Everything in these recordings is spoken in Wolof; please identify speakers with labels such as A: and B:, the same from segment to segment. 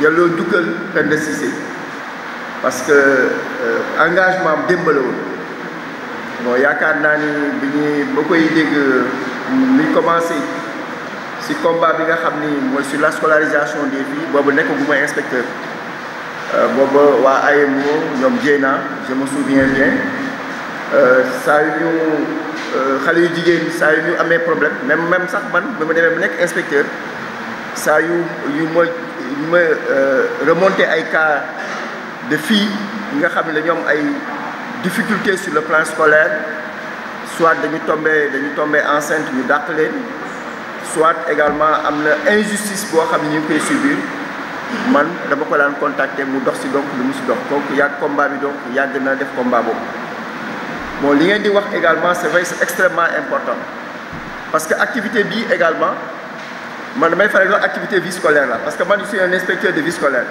A: delloo njukkal Penda Cissé parce que euh, engagement am démb la yaakaar naa ni bi ñuy ba koy dégg euh, muy commencé si combat bi nga xam ni mooy la scolarisation des filles boobu nekk gu may inspecteur euh, booba waa AMO ñoom Dieyna je me souviens bien saa yu ñu xale yu jigéen saa yu ñu amee problème même même sax man ba ma demee mu nekk inspecteur saa yu yu ma ma euh, remonté ay cas de filles nga xam ne ñoom ay difficultés sur le plan scolaire soit dañu tombé dañu tombé enceinte ñu dàq leen soit également am na injustice boo xam ne ñu ngi koy subir man dama ko daan contacter mu dox si donc lu mu si dox donc yàgg combat bi donc yàgg naa def combat boobu bon li ngeen di wax également c'est vrai c'est extrêmement important parce que activité bi également man damay faral di wax activité vie scolaire la parce que man je suis un inspecteur de vie scolaire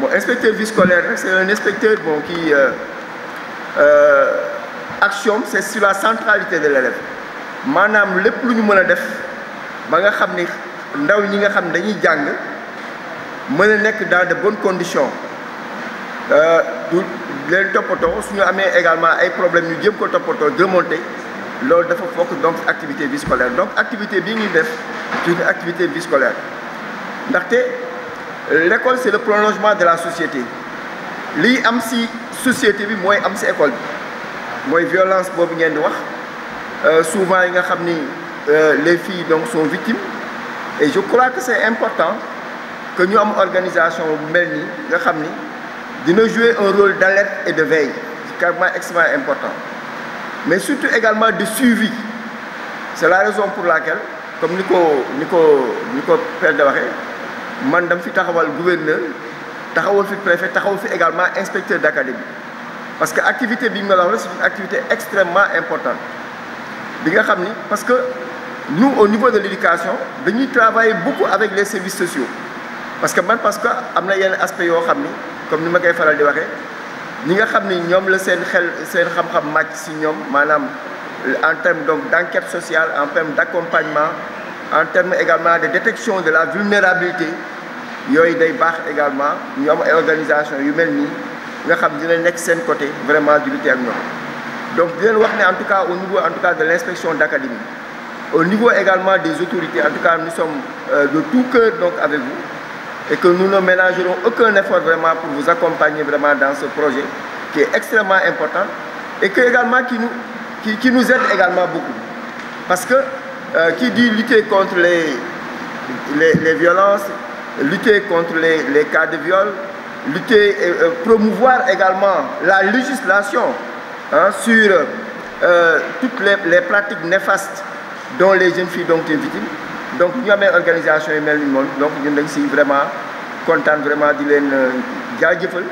A: bon inspecteur vie scolaire nag c'est un inspecteur bon qui euh, euh, action c'est sur la centralité de l'élève maanaam lépp lu ñu mën a def ba nga xam ni ndaw ñi nga xam ne dañuy jàng mën a nekk dans de bonnes conditions euh, du leen toppatoo su ñu amee également ay problèmes ñu jëm ko toppatoo remonter loolu dafa fokk donc activité vie scolaire donc activité bi ñuy def ci une activité vie scolaire ndaxte l'école c'est le prolongement de la société lii am si société bi mooy am si école bi mooy violence boobu ngeen di wax euh, souvent yi nga xam ni euh, les filles donc sont victimes et je crois que c'est important que ñu am organisation bu mel ni nga xam ni dina jouer un rôle d'alerte et de veille c'est carrément extrêmement important mais surtout également de suivi c'est la raison pour la laquelle comme ni ko ni ko ni ko perde waxee man dam fi taxawal gouverneur taxawal fi préfet taxaw fi également inspecteur d'académie parce que activité bi nga la wax c'est une activité extrêmement importante bi nga xam ni parce que nous au niveau de l'éducation dañuy travailler beaucoup avec les services sociaux parce que man parce que am na yenn aspect yoo xam ni comme ni ma koy faral di waxee ñi nga xam ni ñoom la seen xel seen xam-xam màcc si ñoom maanaam en termes donc d' enquête sociale en terme d' accompagnement en terme également de détection de la vulnérabilité yooyu day baax également ñu am organisation yu mel nii nga xam dina nekk seen côté vraiment du lutter ak ñoom donc di leen wax ne en tout cas au niveau en tout cas de l' inspection d' académie au niveau également des autorités en tout cas nous sommes euh, de tout cœur donc avec vous et que nous ne ménagerons aucun effort vraiment pour vous accompagner vraiment dans ce projet qui est extrêmement important et que également qui nous, qui, qui nous également beaucoup. Parce que euh, qui dit lutter contre les, les, les violences, lutter contre les, les, cas de viol, lutter et euh, promouvoir également la législation hein, sur euh, toutes les, les pratiques néfastes dont les jeunes filles ont donc ñu amee organisation yu mel ni moom donc ñun dañ si vraiment kontaan vraiment di leen euh, jaajëfal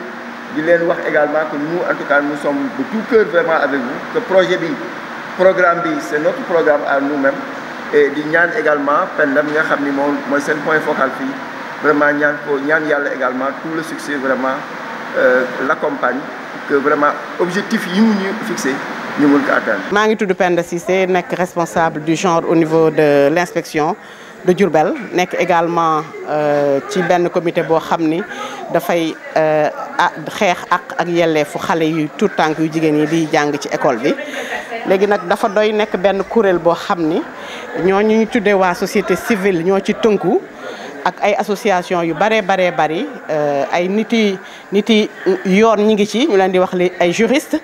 A: di leen wax également que nous en tout cas nous sommes bu tout cœur vraiment avec vous que projet bi programme bi c'est notre programme à nous-mêmes et di ñaan également Penda mi nga xam ni moom mooy seen point focal fii vraiment ñaan ko ñaan yàlla également tout le succès vraiment euh, l'accompagne que vraiment objectif yi mu ñu fixé
B: maa ngi tudd Penda Cissé nekk responsable du genre au niveau de l' inspection de Diourbel nekk également euh, ci benn comité boo xam ni dafay euh, xeex ak ak yelleefu xale yu tout tànk yu jigéen yi bi jàng ci école bi. léegi nag dafa doy nekk benn kuréel boo xam ni ñoo ñu ñu tuddee waa société civile ñoo ci tënku. ak ay association yu bare bare bari euh, ay niti niti yoon ñi ngi ci ñu leen di wax li ay juriste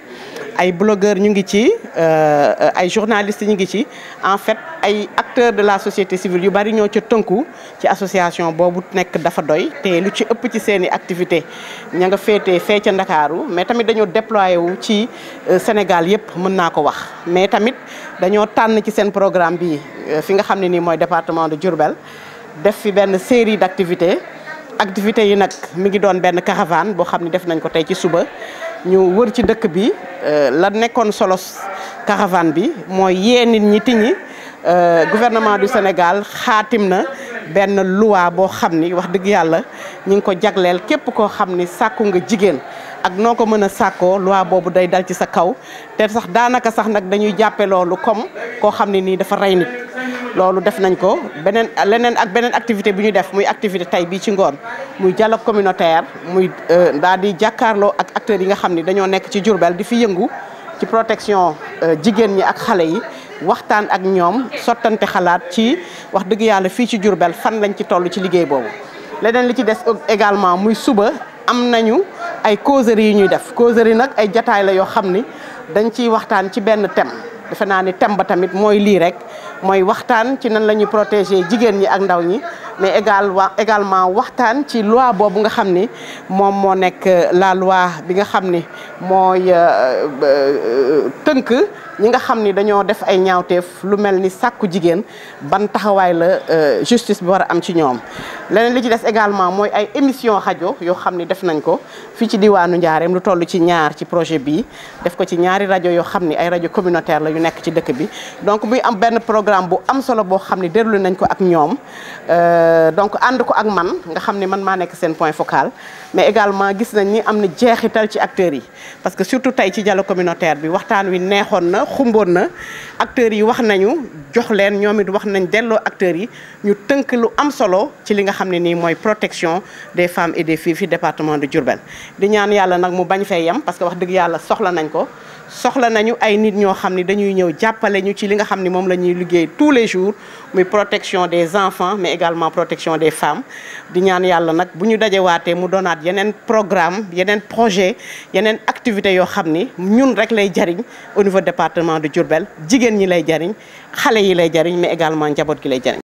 B: ay blogueurs ñu ngi ci euh, ay journalistes ñu ngi ci en fait ay acteurs de la société civile yu bari ñoo ca tënku ci association boobu nekk dafa doy te lu ci ëpp ci seen i activité ña nga féetee fee ca Ndakaaru mais tamit dañoo déployé wu ci euh, Sénégal yëpp mën naa ko wax mais tamit dañoo tànn ci seen programme bi euh, fi nga xam ne nii mooy département de Diourbel def fi benn série d'activités activités yi nag mi ngi doon benn caravane boo xam ne def nañ ko tey ci suba ñu wër ci dëkk bi euh, la nekkoon solos caravane bi mooy yee nit ñi tiñi euh, gouvernement du Sénégal xaatim na benn loi boo xam ni wax dëgg yàlla ñi ngi ko jagleel képp koo xam ni sàkku nga jigéen ak noo ko mën a sàkkoo loi boobu day dal ci sa kaw te sax daanaka sax nag dañuy jàppe loolu comme koo xam ne nii dafa rey nit loolu def nañ ko beneen leneen ak beneen activité bi ñu def muy activité tey bii ci ngoon muy dialogue communautaire muy euh, daal di jàkkaarloo ak acteurs yi nga xam ni dañoo nekk ci Diourbel di fi yëngu ci protection euh, jigéen ñi ak xale yi waxtaan ak ñoom sottante xalaat ci wax dëgg yàlla fii ci Diourbel fan lañ ci toll ci liggéey boobu leneen li ci des également muy suba am nañu ay causerie yu ñuy def causerie nag ay jataay la yoo xam ni dañ ciy waxtaan ci benn thème defe ni thème ba tamit mooy lii rek mooy waxtaan ci nan la ñuy protéger jigéen ñi ak ndaw ñi mais également waxtaan ci loi boobu nga xam ni moom moo nekk euh, la loi bi nga xam ni mooy euh, euh, tënk ñi nga xam ni dañoo def ay ñaawteef lu mel ni sàkku jigéen ban taxawaay la euh, justice bi war a am ci ñoom leneen li ci des également mooy ay émission rajo yoo xam ni def nañ ko fii ci diwaanu Njaareem lu toll ci ñaar ci projet bii def ko ci ñaari rajo yoo xam ni ay rajo communautaire la yu nekk ci dëkk bi donc muy am benn programme bu am solo boo xam ni dérlu nañ ko ak ñoom euh, donc ànd ko ak man nga xam ni man maa nekk seen point focal mais également gis nañ ni am na jeexital ci acteurs yi parce que surtout tey ci dialogue communautaire bi waxtaan wi neexoon na xumboon na acteurs yi wax nañu jox leen ñoom it wax nañ delloo acteurs yi ñu tënk lu am solo ci li nga xam ne nii mooy protection des femmes et des fii fi département de Diourbel di ñaan yàlla nag mu bañ fee yem parce que wax dëgg yàlla soxla nañ ko soxla nañu ay nit ñoo xam ni dañuy ñëw jàppale ñu ci li nga xam ni moom la ñuy liggéey tous les jours muy protection des enfants mais également protection des femmes di ñaan yàlla nag bu ñu dajewaatee mu doonaat yeneen programmes yeneen projet yeneen activités yoo xam ni ñun rek lay jariñ au niveau département de Diourbel jigéen ñi lay jariñ yi lay jariñ mais également njaboot ki lay jariñ